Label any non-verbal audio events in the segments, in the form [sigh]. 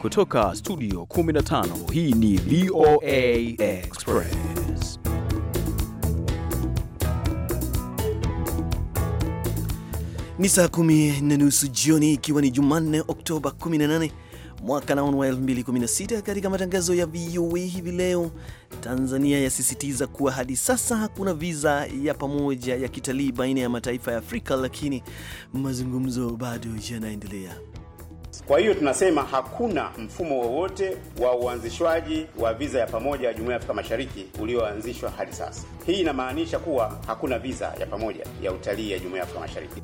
Kutoka studio 15 hii ni VOA Express. Ni saa kumi na nusu jioni ikiwa ni Jumanne Oktoba 18 mwaka naon wa 2016. Katika matangazo ya VOA hivi leo, Tanzania yasisitiza kuwa hadi sasa hakuna viza ya pamoja ya kitalii baina ya mataifa ya Afrika, lakini mazungumzo bado yanaendelea. Kwa hiyo tunasema hakuna mfumo wowote wa uanzishwaji wa viza ya pamoja ya Jumuiya ya Afrika Mashariki ulioanzishwa hadi sasa. Hii inamaanisha kuwa hakuna viza ya pamoja ya utalii ya Jumuiya ya Afrika Mashariki.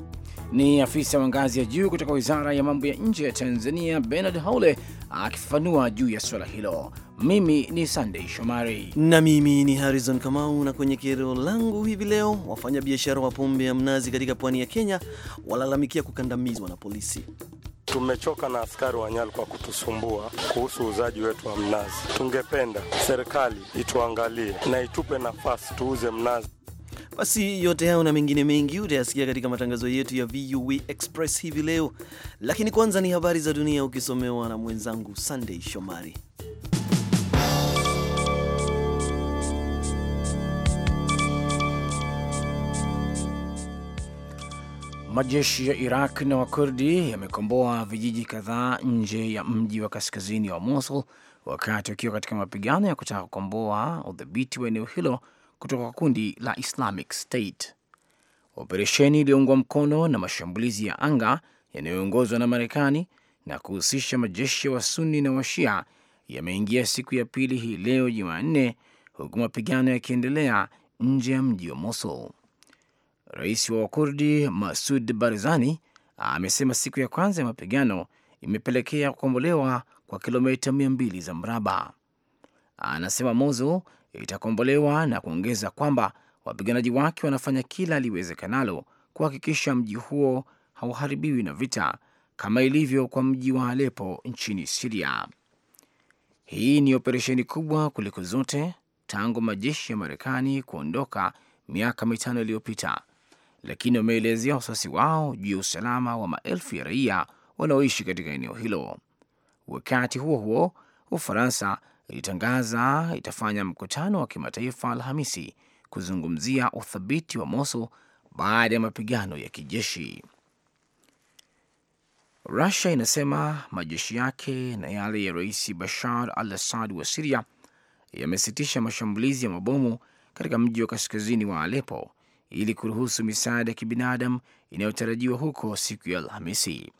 Ni afisa wa ngazi ya juu kutoka Wizara ya Mambo ya Nje ya Tanzania, Bernard Haule akifafanua juu ya swala hilo. Mimi ni Sandei Shomari na mimi ni Harrison Kamau. Na kwenye kero langu hivi leo, wafanyabiashara wa pombe ya mnazi katika pwani ya Kenya walalamikia kukandamizwa na polisi. Tumechoka na askari wa Nyali kwa kutusumbua kuhusu uuzaji wetu wa mnazi. Tungependa serikali ituangalie na itupe nafasi tuuze mnazi. Basi yote hayo na mengine mengi utayasikia katika matangazo yetu ya VOA e Express hivi leo, lakini kwanza ni habari za dunia ukisomewa na mwenzangu Sunday Shomari. Majeshi ya Iraq na Wakurdi yamekomboa vijiji kadhaa nje ya mji wa kaskazini wa Mosul wakati wakiwa katika mapigano ya kutaka kukomboa udhibiti wa eneo hilo kutoka kwa kundi la Islamic State. Operesheni iliyoungwa mkono na mashambulizi ya anga yanayoongozwa na Marekani na kuhusisha majeshi ya Wasuni na Washia yameingia siku ya pili hii leo Jumanne, huku mapigano yakiendelea nje ya mji wa Mosul. Rais wa Wakurdi Masud Barzani amesema siku ya kwanza ya mapigano imepelekea kukombolewa kwa kilomita mia mbili za mraba. Anasema Mosul itakombolewa na kuongeza kwamba wapiganaji wake wanafanya kila aliwezekanalo kuhakikisha mji huo hauharibiwi na vita kama ilivyo kwa mji wa Alepo nchini Siria. Hii ni operesheni kubwa kuliko zote tangu majeshi ya Marekani kuondoka miaka mitano iliyopita lakini wameelezea wasiwasi wao juu ya usalama wa maelfu ya raia wanaoishi katika eneo hilo. Wakati huo huo, Ufaransa ilitangaza itafanya mkutano wa kimataifa Alhamisi kuzungumzia uthabiti wa Mosul baada ya mapigano ya kijeshi. Rusia inasema majeshi yake na yale ya Rais Bashar al Assad wa Siria yamesitisha mashambulizi ya mabomu katika mji wa kaskazini wa Alepo ili kuruhusu misaada ya kibinadamu inayotarajiwa huko siku ya Alhamisi.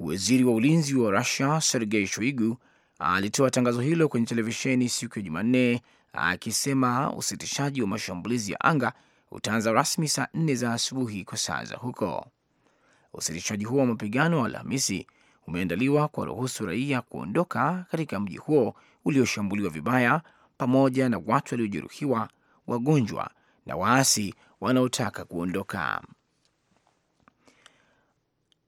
Waziri wa ulinzi wa Rusia Sergei Shoigu alitoa tangazo hilo kwenye televisheni siku ya Jumanne akisema usitishaji wa mashambulizi ya anga utaanza rasmi saa nne za asubuhi kwa saa za huko. Usitishaji huo wa mapigano wa Alhamisi umeandaliwa kwa ruhusu raia kuondoka katika mji huo ulioshambuliwa vibaya, pamoja na watu waliojeruhiwa, wagonjwa na waasi wanaotaka kuondoka.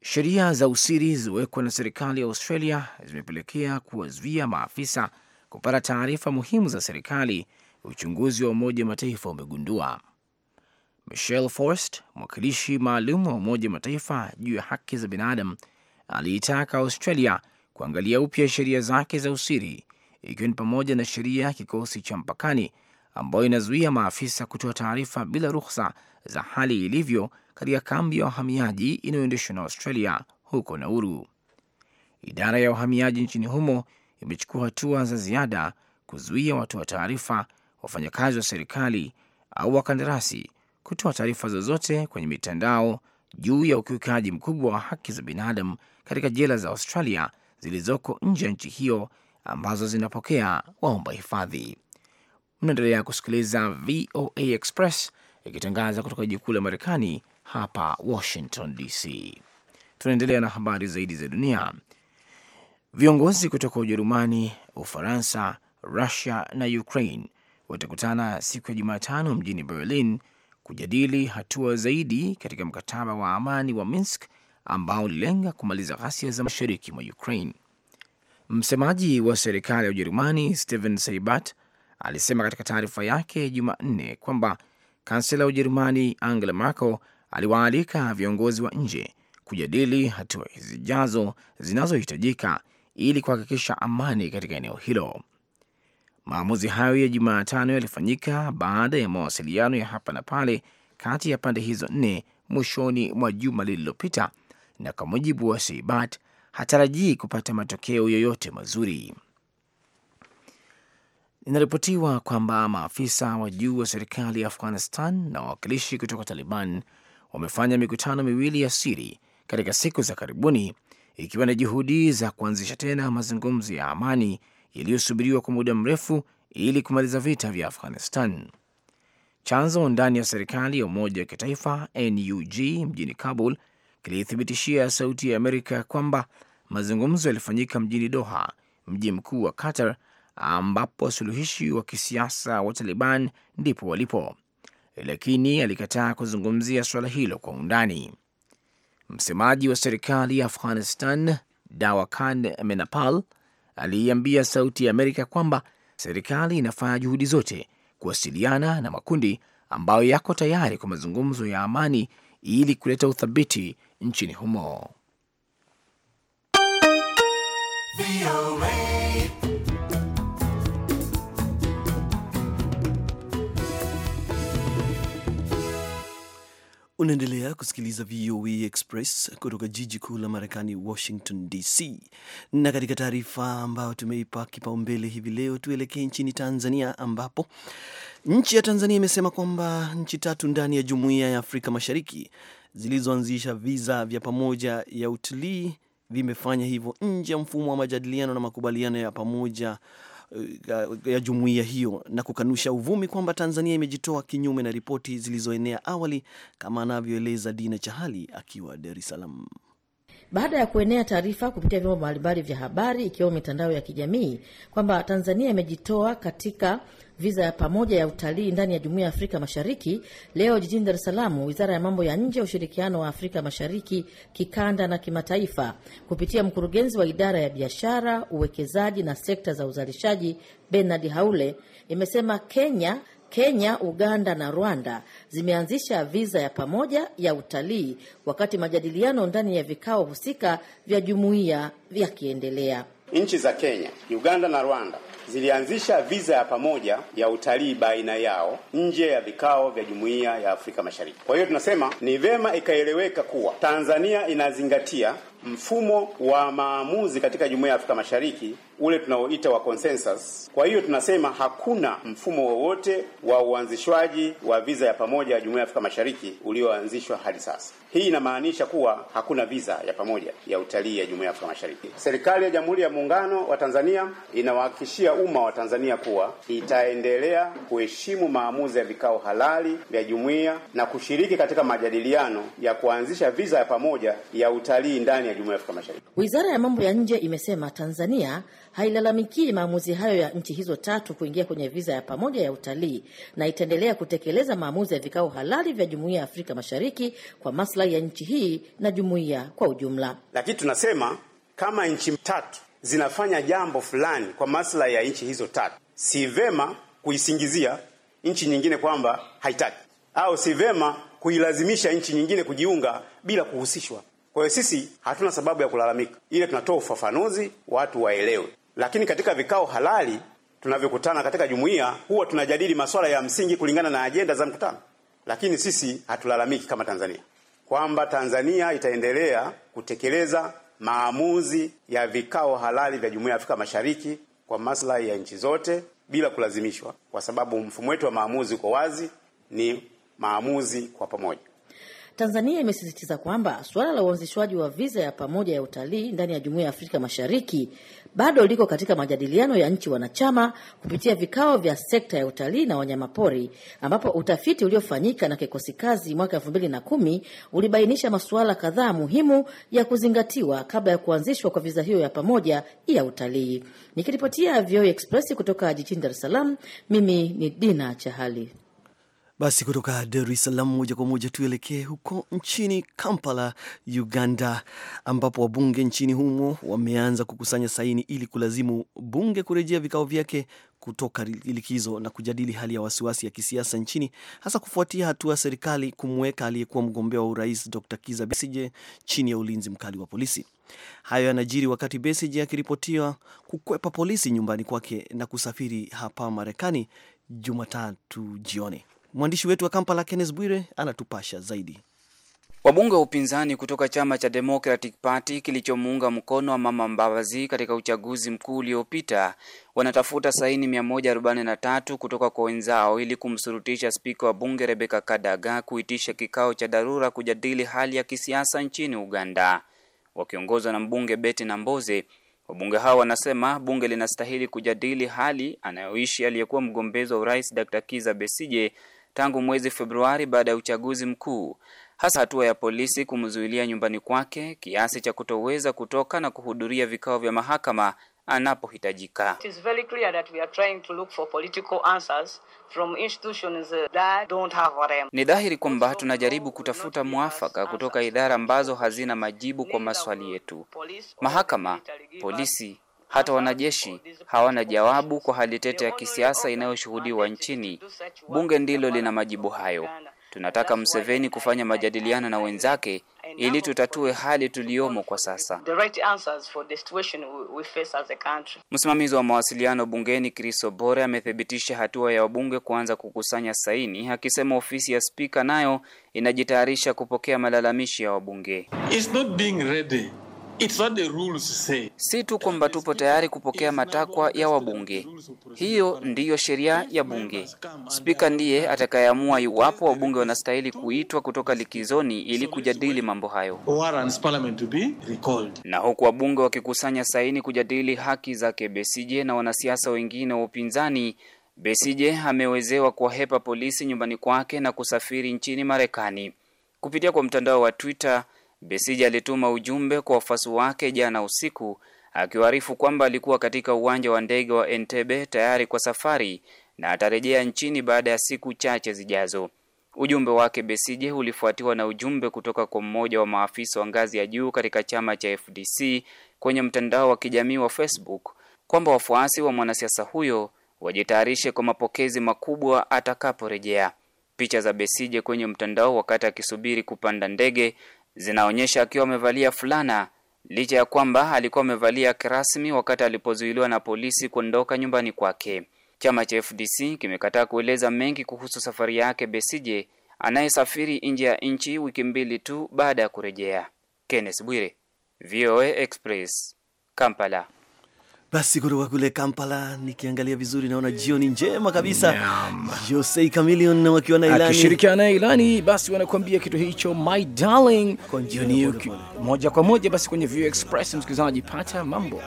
Sheria za usiri zilizowekwa na serikali ya Australia zimepelekea kuwazuia maafisa kupata taarifa muhimu za serikali, uchunguzi wa Umoja Mataifa umegundua. Michelle Forst, mwakilishi maalum wa Umoja Mataifa juu ya haki za binadamu, aliitaka Australia kuangalia upya sheria zake za usiri, ikiwa ni pamoja na sheria ya kikosi cha mpakani ambayo inazuia maafisa kutoa taarifa bila ruhusa za hali ilivyo katika kambi ya wahamiaji inayoendeshwa na Australia huko Nauru. Idara ya uhamiaji nchini humo imechukua hatua za ziada kuzuia watoa wa taarifa, wafanyakazi wa serikali au wakandarasi kutoa taarifa zozote kwenye mitandao juu ya ukiukaji mkubwa wa haki za binadamu katika jela za Australia zilizoko nje ya nchi hiyo ambazo zinapokea waomba hifadhi. Mnaendelea kusikiliza VOA Express ikitangaza kutoka jiji kuu la Marekani, hapa Washington DC. Tunaendelea na habari zaidi za dunia. Viongozi kutoka Ujerumani, Ufaransa, Rusia na Ukraine watakutana siku ya Jumatano mjini Berlin kujadili hatua zaidi katika mkataba wa amani wa Minsk ambao ulilenga kumaliza ghasia za mashariki mwa Ukraine. Msemaji wa serikali ya Ujerumani Steven Seibat alisema katika taarifa yake Jumanne kwamba kansela wa Ujerumani Angela Merkel aliwaalika viongozi wa nje kujadili hatua zijazo zinazohitajika ili kuhakikisha amani katika eneo hilo. Maamuzi hayo ya Jumatano yalifanyika baada ya mawasiliano ya hapa na pale kati ya pande hizo nne mwishoni mwa juma lililopita, na kwa mujibu wa Seibat hatarajii kupata matokeo yoyote mazuri. Inaripotiwa kwamba maafisa wa juu wa serikali ya Afghanistan na wawakilishi kutoka Taliban wamefanya mikutano miwili ya siri katika siku za karibuni, ikiwa na juhudi za kuanzisha tena mazungumzo ya amani yaliyosubiriwa kwa muda mrefu ili kumaliza vita vya Afghanistan. Chanzo ndani ya serikali ya umoja wa kitaifa NUG mjini Kabul kilithibitishia Sauti ya Amerika kwamba mazungumzo yalifanyika mjini Doha, mji mkuu wa Qatar, ambapo wasuluhishi wa kisiasa wa Taliban ndipo walipo, lakini alikataa kuzungumzia suala hilo kwa undani. Msemaji wa serikali ya Afghanistan Dawakan Menapal aliiambia Sauti ya Amerika kwamba serikali inafanya juhudi zote kuwasiliana na makundi ambayo yako tayari kwa mazungumzo ya amani ili kuleta uthabiti nchini humo. Unaendelea kusikiliza VOA Express kutoka jiji kuu la Marekani, Washington DC. Na katika taarifa ambayo tumeipa kipaumbele hivi leo, tuelekee nchini Tanzania, ambapo nchi ya Tanzania imesema kwamba nchi tatu ndani ya Jumuiya ya Afrika Mashariki zilizoanzisha viza vya pamoja ya utalii vimefanya hivyo nje ya mfumo wa majadiliano na makubaliano ya pamoja Eh, ya jumuiya hiyo na kukanusha uvumi kwamba Tanzania imejitoa kinyume na ripoti zilizoenea awali, kama anavyoeleza Dina Chahali akiwa Dar es Salaam. Baada ya kuenea taarifa kupitia vyombo mbalimbali vya habari ikiwemo mitandao ya kijamii kwamba Tanzania imejitoa katika viza ya pamoja ya utalii ndani ya Jumuiya ya Afrika Mashariki leo jijini Dar es Salaam, Wizara ya Mambo ya Nje ya Ushirikiano wa Afrika Mashariki, Kikanda na Kimataifa kupitia mkurugenzi wa idara ya biashara, uwekezaji na sekta za uzalishaji Bernard Haule imesema Kenya Kenya, Uganda na Rwanda zimeanzisha viza ya pamoja ya utalii wakati majadiliano ndani ya vikao husika vya jumuiya vyakiendelea Nchi za Kenya, Uganda na Rwanda zilianzisha viza ya pamoja ya utalii baina yao nje ya vikao vya Jumuiya ya Afrika Mashariki. Kwa hiyo tunasema ni vema ikaeleweka kuwa Tanzania inazingatia mfumo wa maamuzi katika Jumuiya ya Afrika Mashariki ule tunaoita wa consensus. Kwa hiyo tunasema hakuna mfumo wowote wa uanzishwaji wa viza ya pamoja ya Jumuiya ya Afrika Mashariki ulioanzishwa hadi sasa. Hii inamaanisha kuwa hakuna viza ya pamoja ya utalii ya Jumuiya ya Afrika Mashariki. Serikali ya Jamhuri ya Muungano wa Tanzania inawahakikishia umma wa Tanzania kuwa itaendelea kuheshimu maamuzi ya vikao halali vya jumuiya na kushiriki katika majadiliano ya kuanzisha viza ya pamoja ya utalii ndani ya Jumuiya ya Afrika Mashariki. Wizara ya Mambo ya Nje imesema Tanzania hailalamikii maamuzi hayo ya nchi hizo tatu kuingia kwenye viza ya pamoja ya utalii na itaendelea kutekeleza maamuzi ya vikao halali vya Jumuiya ya Afrika Mashariki kwa maslahi ya nchi hii na jumuiya kwa ujumla. Lakini tunasema kama nchi tatu zinafanya jambo fulani kwa maslahi ya nchi hizo tatu, si vema kuisingizia nchi nyingine kwamba haitaki, au si vema kuilazimisha nchi nyingine kujiunga bila kuhusishwa. Kwa hiyo sisi hatuna sababu ya kulalamika, ile tunatoa ufafanuzi watu waelewe. Lakini katika vikao halali tunavyokutana katika jumuiya, huwa tunajadili masuala ya msingi kulingana na ajenda za mkutano. Lakini sisi hatulalamiki kama Tanzania kwamba Tanzania itaendelea kutekeleza maamuzi ya vikao halali vya Jumuiya ya Afrika Mashariki kwa maslahi ya nchi zote bila kulazimishwa, kwa sababu mfumo wetu wa maamuzi uko wazi, ni maamuzi kwa pamoja. Tanzania imesisitiza kwamba suala la uanzishwaji wa viza ya pamoja ya utalii ndani ya Jumuiya ya Afrika Mashariki bado liko katika majadiliano ya nchi wanachama kupitia vikao vya sekta ya utalii na wanyamapori, ambapo utafiti uliofanyika na kikosi kazi mwaka elfu mbili na kumi ulibainisha masuala kadhaa muhimu ya kuzingatiwa kabla ya kuanzishwa kwa viza hiyo ya pamoja ya utalii. Nikiripotia VOA Express kutoka jijini Dar es Salaam, mimi ni Dina Chahali. Basi kutoka Dar es Salaam moja kwa moja tuelekee huko nchini Kampala, Uganda, ambapo wabunge nchini humo wameanza kukusanya saini ili kulazimu bunge kurejea vikao vyake kutoka likizo na kujadili hali ya wasiwasi ya kisiasa nchini, hasa kufuatia hatua ya serikali kumweka aliyekuwa mgombea wa urais Dr. Kiza Besije chini ya ulinzi mkali wa polisi. Hayo yanajiri wakati Besije akiripotiwa kukwepa polisi nyumbani kwake na kusafiri hapa Marekani Jumatatu jioni. Mwandishi wetu wa Kampala, kennes Bwire, anatupasha zaidi. Wabunge wa upinzani kutoka chama cha Democratic Party kilichomuunga mkono wa Mama Mbabazi katika uchaguzi mkuu uliopita wanatafuta saini 143 kutoka kwa wenzao ili kumsurutisha spika wa bunge Rebecca Kadaga kuitisha kikao cha dharura kujadili hali ya kisiasa nchini Uganda. Wakiongozwa na mbunge Betty Namboze, wabunge hao wanasema bunge linastahili kujadili hali anayoishi aliyekuwa mgombezi wa urais Dr. Kiza Besije tangu mwezi Februari baada ya uchaguzi mkuu, hasa hatua ya polisi kumzuilia nyumbani kwake kiasi cha kutoweza kutoka na kuhudhuria vikao vya mahakama anapohitajika. Ni dhahiri kwamba tunajaribu kutafuta mwafaka kutoka idara ambazo hazina majibu kwa maswali yetu: mahakama, polisi hata wanajeshi hawana jawabu kwa hali tete ya kisiasa inayoshuhudiwa nchini. Bunge ndilo lina majibu hayo. Tunataka mseveni kufanya majadiliano na wenzake ili tutatue hali tuliyomo kwa sasa. Msimamizi wa mawasiliano bungeni Chris Obore amethibitisha hatua ya wabunge kuanza kukusanya saini, akisema ofisi ya spika nayo inajitayarisha kupokea malalamishi ya wabunge. It's not being ready. It's the rules say. Si tu kwamba tupo tayari kupokea matakwa ya wabunge. Hiyo ndiyo sheria ya bunge. Spika ndiye atakayeamua iwapo wabunge wanastahili kuitwa kutoka likizoni ili kujadili mambo hayo. Na huku wabunge wakikusanya saini kujadili haki zake Besije na wanasiasa wengine wa upinzani, Besije amewezewa kuwahepa polisi nyumbani kwake na kusafiri nchini Marekani. Kupitia kwa mtandao wa Twitter Besija alituma ujumbe kwa wafuasi wake jana usiku akiwaarifu kwamba alikuwa katika uwanja wa ndege wa Entebbe tayari kwa safari na atarejea nchini baada ya siku chache zijazo. Ujumbe wake besije ulifuatiwa na ujumbe kutoka kwa mmoja wa maafisa wa ngazi ya juu katika chama cha FDC kwenye mtandao wa kijamii wa Facebook kwamba wafuasi wa mwanasiasa huyo wajitayarishe kwa mapokezi makubwa atakaporejea. Picha za besije kwenye mtandao wakati akisubiri kupanda ndege zinaonyesha akiwa amevalia fulana licha ya kwamba alikuwa amevalia kirasmi wakati alipozuiliwa na polisi kuondoka nyumbani kwake. Chama cha FDC kimekataa kueleza mengi kuhusu safari yake Besije anayesafiri nje ya nchi wiki mbili tu baada ya kurejea. Kenneth Bwire, VOA Express, Kampala. Basi kutoka kule Kampala nikiangalia vizuri naona jioni njema kabisa. Jose na wakiwa na Ilani. Akishirikiana na Ilani basi wanakuambia kitu hicho My Darling. Kwa jioni moja kwa moja basi kwenye View Express msikilizaji pata mambo.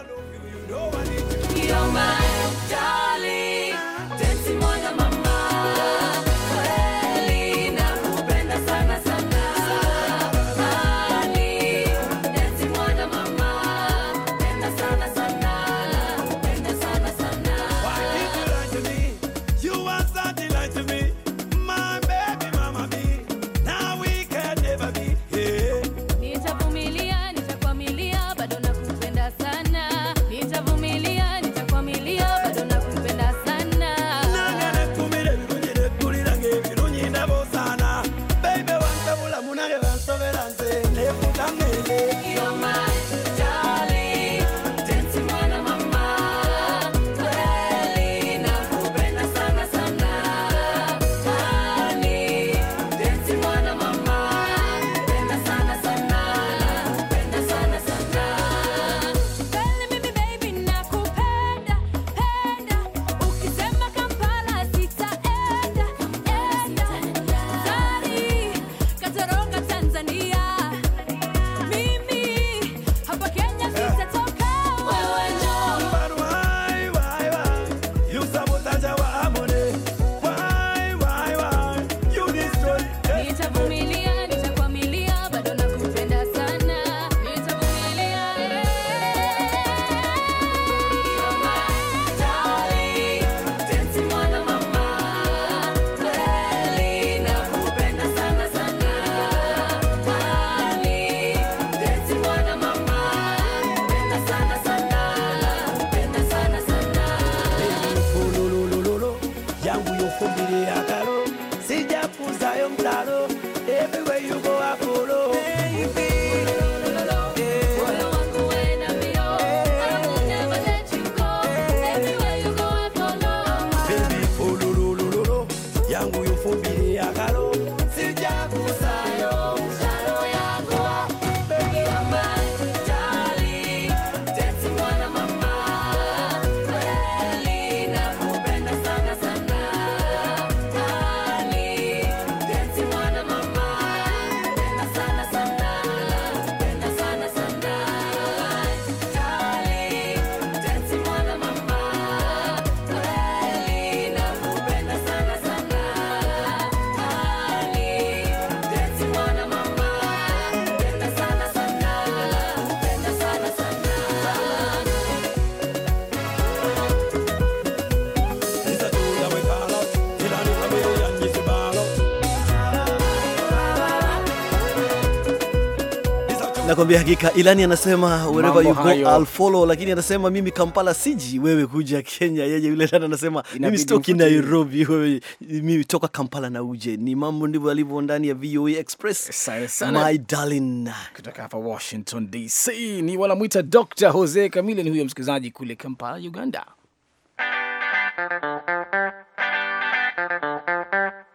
Nakwambia hakika Ilani anasema wherever you go I'll follow, lakini anasema mimi Kampala siji, wewe kuja Kenya. Yeye yule tena anasema mimi sitoki Nairobi, wewe mimi toka Kampala na uje. Ni mambo ndivyo alivyo ndani ya VOA e Express. My darling. Kutoka hapa Washington DC ni mwita Dr. Jose Kamile, ni huyo msikilizaji kule Kampala, Uganda.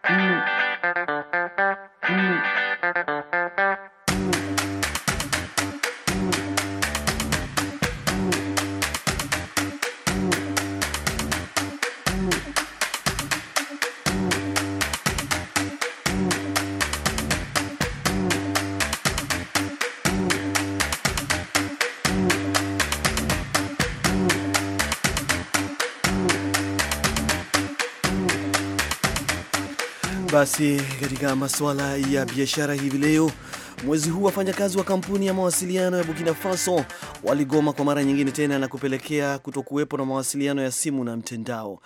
Mm. Mm. Basi katika masuala ya biashara hivi leo mwezi huu wafanyakazi wa kampuni ya mawasiliano ya Burkina Faso waligoma kwa mara nyingine tena na kupelekea kutokuwepo na mawasiliano ya simu na mtandao.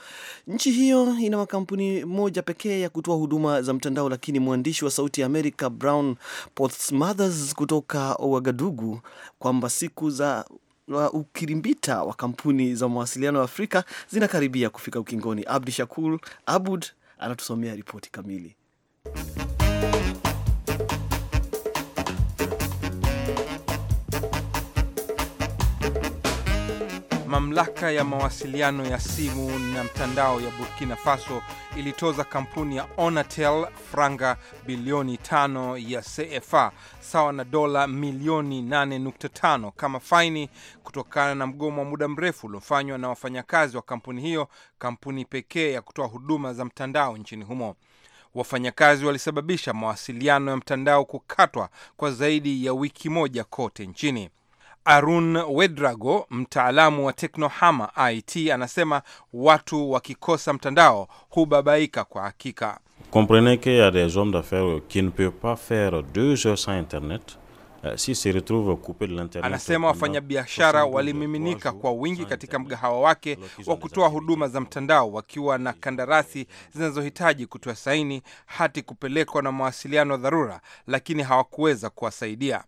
Nchi hiyo ina makampuni moja pekee ya kutoa huduma za mtandao, lakini mwandishi wa Sauti ya Amerika Brown Portsmothers kutoka Ouagadougou kwamba siku za wa ukirimbita wa kampuni za mawasiliano Afrika zinakaribia kufika ukingoni. Abdi Shakur Abud anatusomea ripoti kamili. Mamlaka ya mawasiliano ya simu na mtandao ya Burkina Faso ilitoza kampuni ya Onatel franga bilioni tano ya CFA sawa na dola milioni 8.5 kama faini kutokana na mgomo wa muda mrefu uliofanywa na wafanyakazi wa kampuni hiyo, kampuni pekee ya kutoa huduma za mtandao nchini humo. Wafanyakazi walisababisha mawasiliano ya mtandao kukatwa kwa zaidi ya wiki moja kote nchini. Arun Wedrago, mtaalamu wa Teknohama IT, anasema watu wakikosa mtandao hubabaika kwa hakika. Comprenez y a des hommes d'affaires qui ne peuvent pas faire deux heures sans internet euh, Si se retrouve coupe de l'internet. Anasema wafanyabiashara walimiminika kwa wingi katika mgahawa wake wa kutoa huduma za mtandao wakiwa na kandarasi zinazohitaji kutoa saini, hati kupelekwa na mawasiliano dharura, lakini hawakuweza kuwasaidia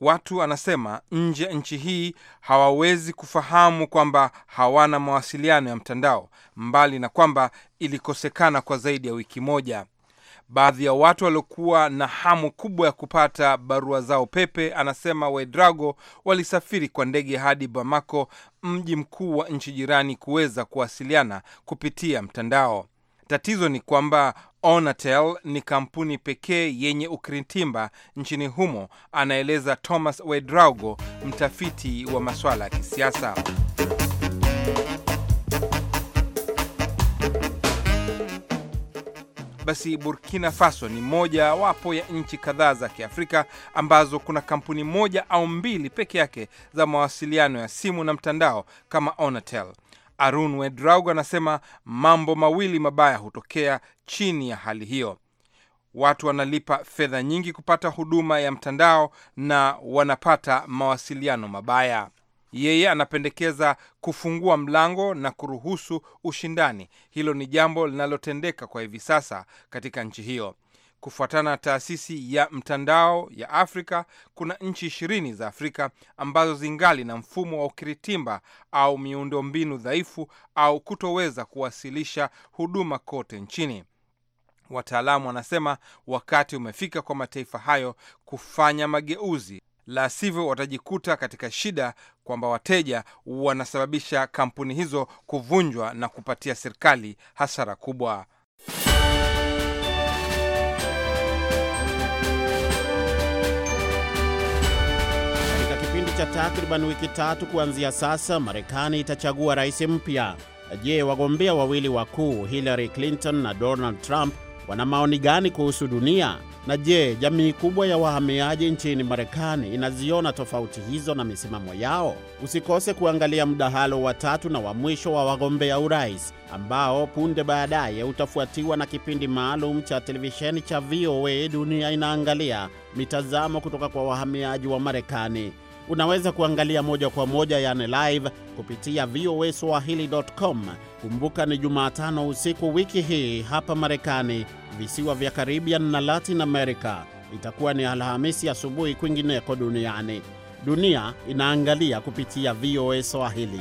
watu anasema nje ya nchi hii hawawezi kufahamu kwamba hawana mawasiliano ya mtandao, mbali na kwamba ilikosekana kwa zaidi ya wiki moja. Baadhi ya watu waliokuwa na hamu kubwa ya kupata barua zao pepe, anasema Wedrago, walisafiri kwa ndege hadi Bamako, mji mkuu wa nchi jirani, kuweza kuwasiliana kupitia mtandao. Tatizo ni kwamba Onatel ni kampuni pekee yenye ukiritimba nchini humo, anaeleza Thomas Wedraugo, mtafiti wa masuala ya kisiasa. Basi Burkina Faso ni moja wapo ya nchi kadhaa za Kiafrika ambazo kuna kampuni moja au mbili peke yake za mawasiliano ya simu na mtandao kama Onatel. Arun Wedraug anasema mambo mawili mabaya hutokea chini ya hali hiyo. Watu wanalipa fedha nyingi kupata huduma ya mtandao na wanapata mawasiliano mabaya. Yeye anapendekeza kufungua mlango na kuruhusu ushindani. Hilo ni jambo linalotendeka kwa hivi sasa katika nchi hiyo. Kufuatana na taasisi ya mtandao ya Afrika, kuna nchi ishirini za Afrika ambazo zingali na mfumo wa ukiritimba au miundombinu dhaifu au kutoweza kuwasilisha huduma kote nchini. Wataalamu wanasema wakati umefika kwa mataifa hayo kufanya mageuzi, la sivyo watajikuta katika shida kwamba wateja wanasababisha kampuni hizo kuvunjwa na kupatia serikali hasara kubwa. cha takriban wiki tatu kuanzia sasa, Marekani itachagua rais mpya. Je, wagombea wawili wakuu Hillary Clinton na Donald Trump wana maoni gani kuhusu dunia? Na je, jamii kubwa ya wahamiaji nchini Marekani inaziona tofauti hizo na misimamo yao? Usikose kuangalia mdahalo wa tatu na wa mwisho wa wagombea urais ambao punde baadaye utafuatiwa na kipindi maalum cha televisheni cha VOA Dunia Inaangalia, mitazamo kutoka kwa wahamiaji wa Marekani. Unaweza kuangalia moja kwa moja, yani live kupitia VOA swahili.com. Kumbuka ni Jumatano usiku wiki hii hapa Marekani, visiwa vya Karibian na Latin America itakuwa ni Alhamisi asubuhi kwingineko duniani. Dunia inaangalia kupitia VOA Swahili.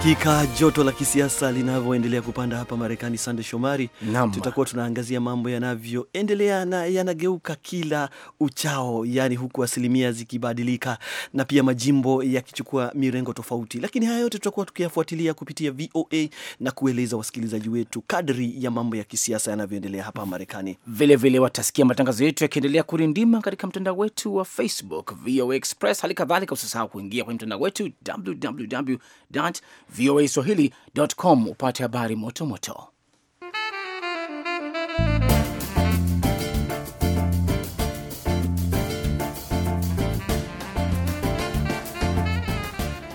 Hakika joto la kisiasa linavyoendelea kupanda hapa Marekani, Sande Shomari, tutakuwa tunaangazia mambo yanavyoendelea na yanageuka kila uchao, yani huku asilimia zikibadilika na pia majimbo yakichukua mirengo tofauti, lakini haya yote tutakuwa tukiyafuatilia kupitia VOA na kueleza wasikilizaji wetu kadri ya mambo ya kisiasa yanavyoendelea hapa Marekani. Vilevile watasikia matangazo yetu yakiendelea kurindima katika mtandao wetu wa Facebook VOA Express. Hali kadhalika usisahau kuingia kwenye mtandao wetu www VOA Swahili.com upate habari moto moto.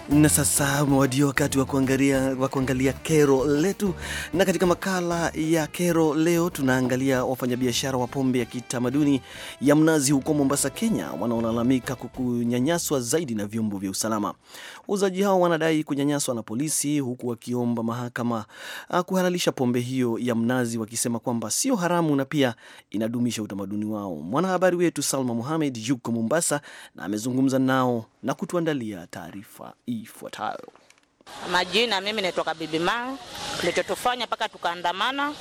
Na sasa mwadio wakati wa kuangalia, wa kuangalia kero letu. Na katika makala ya kero leo tunaangalia wafanyabiashara wa pombe ya kitamaduni ya mnazi huko Mombasa, Kenya, wanaolalamika kukunyanyaswa zaidi na vyombo vya usalama. Wauzaji hao wanadai kunyanyaswa na polisi, huku wakiomba mahakama ah, kuhalalisha pombe hiyo ya mnazi, wakisema kwamba sio haramu na pia inadumisha utamaduni wao. Mwanahabari wetu Salma Muhamed yuko Mombasa na amezungumza nao na kutuandalia taarifa ifuatayo. Majina, mimi naitwa Bibi Manga. Kilichotufanya mpaka tukaandamana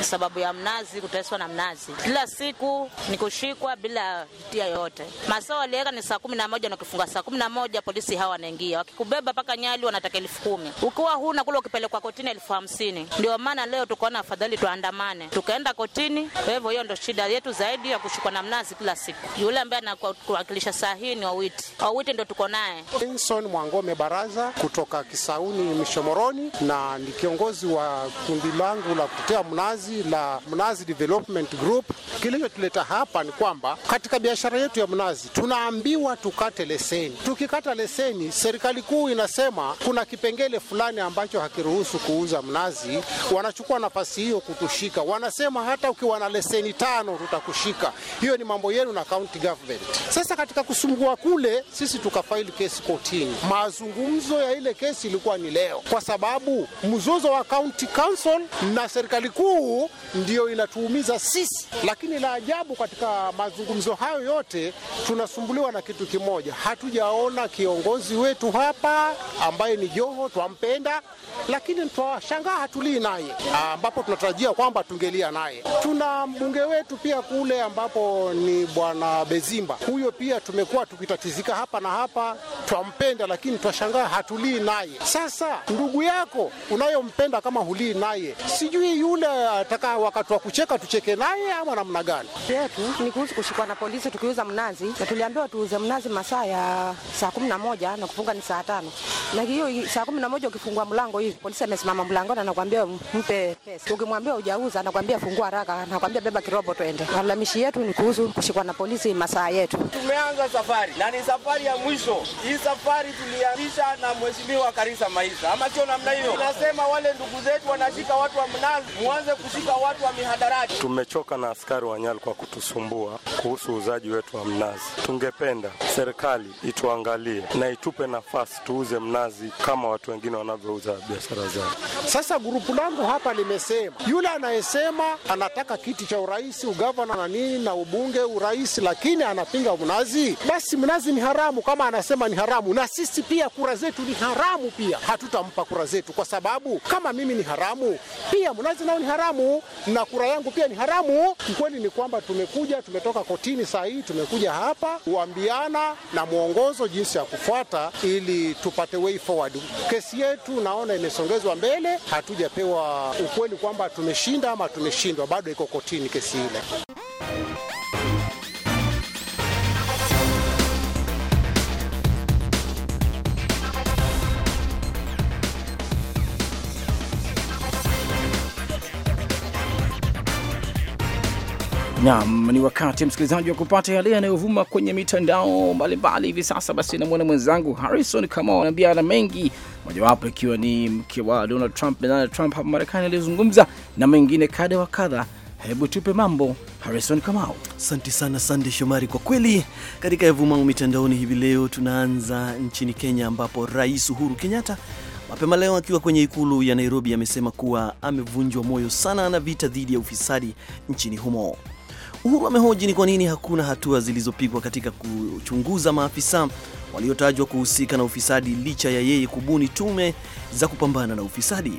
sababu ya mnazi, kuteswa na mnazi kila siku, ni kushikwa bila hatia yoyote. Masaa waliweka ni saa kumi na moja na ukifunga saa kumi na moja polisi hawa wanaingia, wakikubeba mpaka Nyali wanataka elfu kumi ukiwa huna kule, ukipelekwa kotini elfu hamsini Ndio maana leo tukaona afadhali tuandamane, tukaenda kotini. Kwa hivyo hiyo ndio shida yetu zaidi ya kushikwa na mnazi kila siku. Yule ambaye anakuwakilisha saa hii ni Owiti, Owiti ndio tuko naye. Mwangome Baraza kutoka Kisi Sauni Mishomoroni na ni kiongozi wa kundi langu la kutetea mnazi la Mnazi Development Group. Kilichotuleta hapa ni kwamba katika biashara yetu ya mnazi tunaambiwa tukate leseni. Tukikata leseni, serikali kuu inasema kuna kipengele fulani ambacho hakiruhusu kuuza mnazi. Wanachukua nafasi hiyo kutushika, wanasema hata ukiwa na leseni tano tutakushika, hiyo ni mambo yenu na county government. Sasa katika kusumbua kule, sisi tukafaili kesi kotini, mazungumzo ya ile kesi ilikuwa ni leo, kwa sababu mzozo wa county council na serikali kuu ndio inatuumiza sisi. Lakini la ajabu katika mazungumzo hayo yote tunasumbuliwa na kitu kimoja, hatujaona kiongozi wetu hapa ambaye ni Joho, twampenda lakini twashangaa hatulii naye, ambapo tunatarajia kwamba tungelia naye. Tuna mbunge wetu pia kule ambapo ni bwana Bezimba, huyo pia tumekuwa tukitatizika hapa na hapa, twampenda lakini twashangaa hatulii naye. Sasa ndugu yako unayompenda kama hulii naye, sijui yule ataka wakati wa kucheka tucheke naye ama namna gani? yetu ni kuhusu kushikwa na polisi tukiuza mnazi, na tuliambiwa tuuze mnazi masaa ya saa kumi na moja na kufunga ni saa tano na hiyo saa kumi na moja ukifungua mlango hivi, polisi amesimama mlangoni, anakuambia mpe pesa. Ukimwambia hujauza, anakuambia fungua haraka, anakuambia beba kirobo twende. Malalamishi yetu ni kuhusu kushikwa na polisi masaa yetu. Tumeanza safari na ni safari ya mwisho. Hii safari tulianzisha na mheshimiwa karibu hatari maisha, ama sio namna hiyo? Nasema wale ndugu zetu wanashika watu wa Mnazi, muanze kushika watu wa mihadarati. Tumechoka na askari wa Nyali kwa kutusumbua kuhusu uuzaji wetu wa mnazi. Tungependa serikali ituangalie na itupe nafasi tuuze mnazi kama watu wengine wanavyouza biashara zao. Sasa grupu langu hapa limesema, yule anayesema anataka kiti cha urais, ugavana na nini na ubunge, urais, lakini anapinga mnazi, basi mnazi ni haramu. Kama anasema ni haramu, na sisi pia kura zetu ni haramu pia pia hatutampa kura zetu, kwa sababu kama mimi ni haramu, pia mnazi nao ni haramu na kura yangu pia ni haramu. Ukweli ni kwamba tumekuja, tumetoka kotini saa hii, tumekuja hapa kuambiana na mwongozo jinsi ya kufuata ili tupate way forward. Kesi yetu naona imesongezwa mbele, hatujapewa ukweli kwamba tumeshinda ama tumeshindwa, bado iko kotini kesi ile. Naam, ni wakati msikilizaji wa kupata yale yanayovuma kwenye mitandao mbalimbali hivi sasa. Basi namwona mwenzangu Harrison kama anaambia ana mengi, mojawapo ikiwa ni mke wa Donald Trump, Donald Trump hapa Marekani aliyozungumza na mengine kadha wa kadha. Hebu tupe mambo Harrison Kamau. Asante sana Sande Shomari. Kwa kweli katika yavumao mitandaoni hivi leo tunaanza nchini Kenya, ambapo Rais Uhuru Kenyatta mapema leo akiwa kwenye ikulu ya Nairobi amesema kuwa amevunjwa moyo sana na vita dhidi ya ufisadi nchini humo. Uhuru amehoji ni kwa nini hakuna hatua zilizopigwa katika kuchunguza maafisa waliotajwa kuhusika na ufisadi licha ya yeye kubuni tume za kupambana na ufisadi.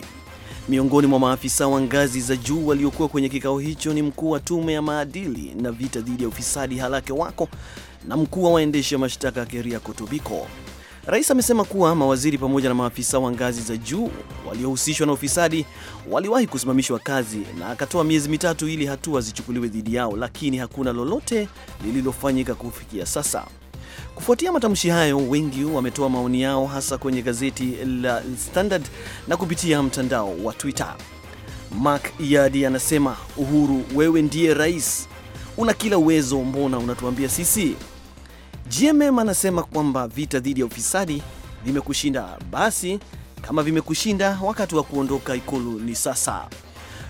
Miongoni mwa maafisa wa ngazi za juu waliokuwa kwenye kikao hicho ni mkuu wa tume ya maadili na vita dhidi ya ufisadi Halake Wako na mkuu wa waendesha mashtaka Keriako Tobiko. Rais amesema kuwa mawaziri pamoja na maafisa wa ngazi za juu waliohusishwa na ufisadi waliwahi kusimamishwa kazi na akatoa miezi mitatu ili hatua zichukuliwe dhidi yao, lakini hakuna lolote lililofanyika kufikia sasa. Kufuatia matamshi hayo, wengi wametoa maoni yao hasa kwenye gazeti la Standard na kupitia mtandao wa Twitter. Mark Yadi anasema, Uhuru, wewe ndiye rais, una kila uwezo, mbona unatuambia sisi GMM anasema kwamba vita dhidi ya ufisadi vimekushinda. Basi kama vimekushinda, wakati wa kuondoka ikulu ni sasa.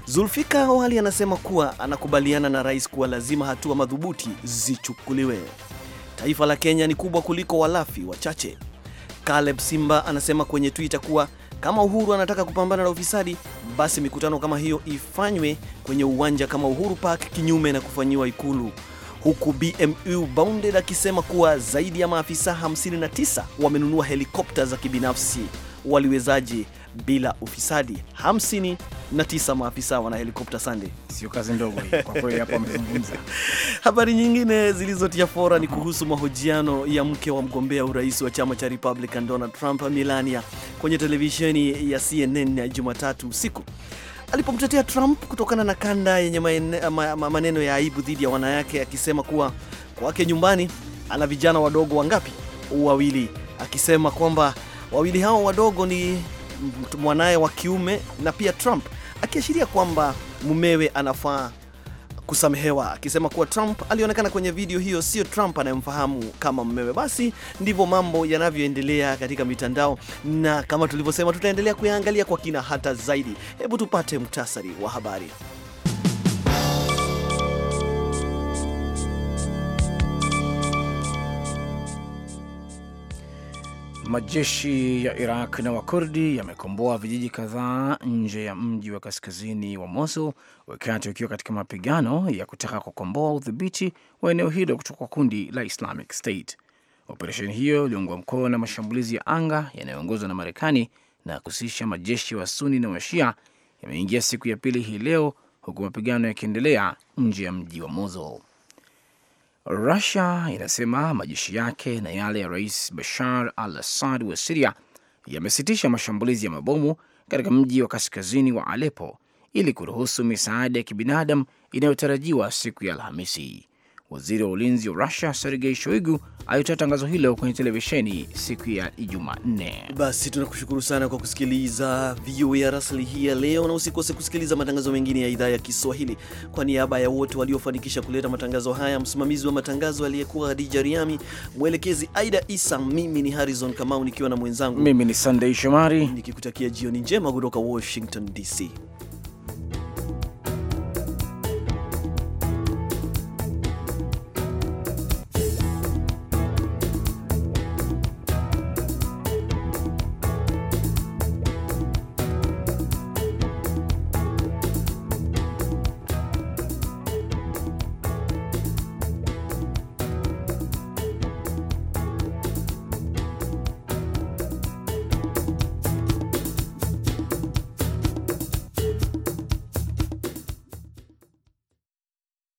Zulfika wali anasema kuwa anakubaliana na rais kuwa lazima hatua madhubuti zichukuliwe. Taifa la Kenya ni kubwa kuliko walafi wachache. Caleb Simba anasema kwenye Twitter kuwa kama Uhuru anataka kupambana na ufisadi, basi mikutano kama hiyo ifanywe kwenye uwanja kama Uhuru Park, kinyume na kufanyiwa ikulu huku BMU Bounded akisema kuwa zaidi ya maafisa 59 wamenunua helikopta za kibinafsi. Waliwezaji bila ufisadi? 59 maafisa wana helikopta. Sande, sio kazi ndogo kwa kweli. hapa amezungumza. [laughs] Habari nyingine zilizotia fora ni kuhusu mahojiano ya mke wa mgombea urais wa chama cha Republican Donald Trump, Melania, kwenye televisheni ya CNN ya Jumatatu usiku alipomtetea Trump kutokana na kanda yenye maneno ya aibu dhidi ya wanawake, akisema kuwa kwake nyumbani ana vijana wadogo wangapi? Wawili, akisema kwamba wawili hao wadogo ni mwanaye wa kiume na pia Trump, akiashiria kwamba mumewe anafaa kusamehewa, akisema kuwa Trump alionekana kwenye video hiyo sio Trump anayemfahamu kama mmewe. Basi ndivyo mambo yanavyoendelea katika mitandao, na kama tulivyosema, tutaendelea kuyaangalia kwa kina hata zaidi. Hebu tupate muhtasari wa habari. Majeshi ya Iraq na Wakurdi yamekomboa vijiji kadhaa nje ya mji wa kaskazini wa Mosul wakati wakiwa katika mapigano ya kutaka kukomboa udhibiti wa eneo hilo kutoka kwa kundi la Islamic State. Operesheni hiyo iliungwa mkono na mashambulizi ya anga yanayoongozwa na Marekani na kuhusisha majeshi wa Suni na Washia yameingia siku ya pili hii leo, huku mapigano yakiendelea nje ya mji wa Mosul. Rusia inasema majeshi yake na yale ya Rais Bashar al Assad wa Siria yamesitisha mashambulizi ya mabomu katika mji wa kaskazini wa Alepo ili kuruhusu misaada ya kibinadamu inayotarajiwa siku ya Alhamisi. Waziri wa ulinzi wa Rusia Sergei Shoigu alitoa tangazo hilo kwenye televisheni siku ya Jumanne. Basi tunakushukuru sana kwa kusikiliza VOA rasli hii ya leo, na usikose kusikiliza matangazo mengine ya idhaa ya Kiswahili. Kwa niaba ya wote waliofanikisha kuleta matangazo haya, msimamizi wa matangazo aliyekuwa Hadija Riami, mwelekezi Aida Isa, mimi ni Harrison Kamau nikiwa na mwenzangu, mimi ni Sandei Shomari, nikikutakia jioni njema kutoka Washington DC.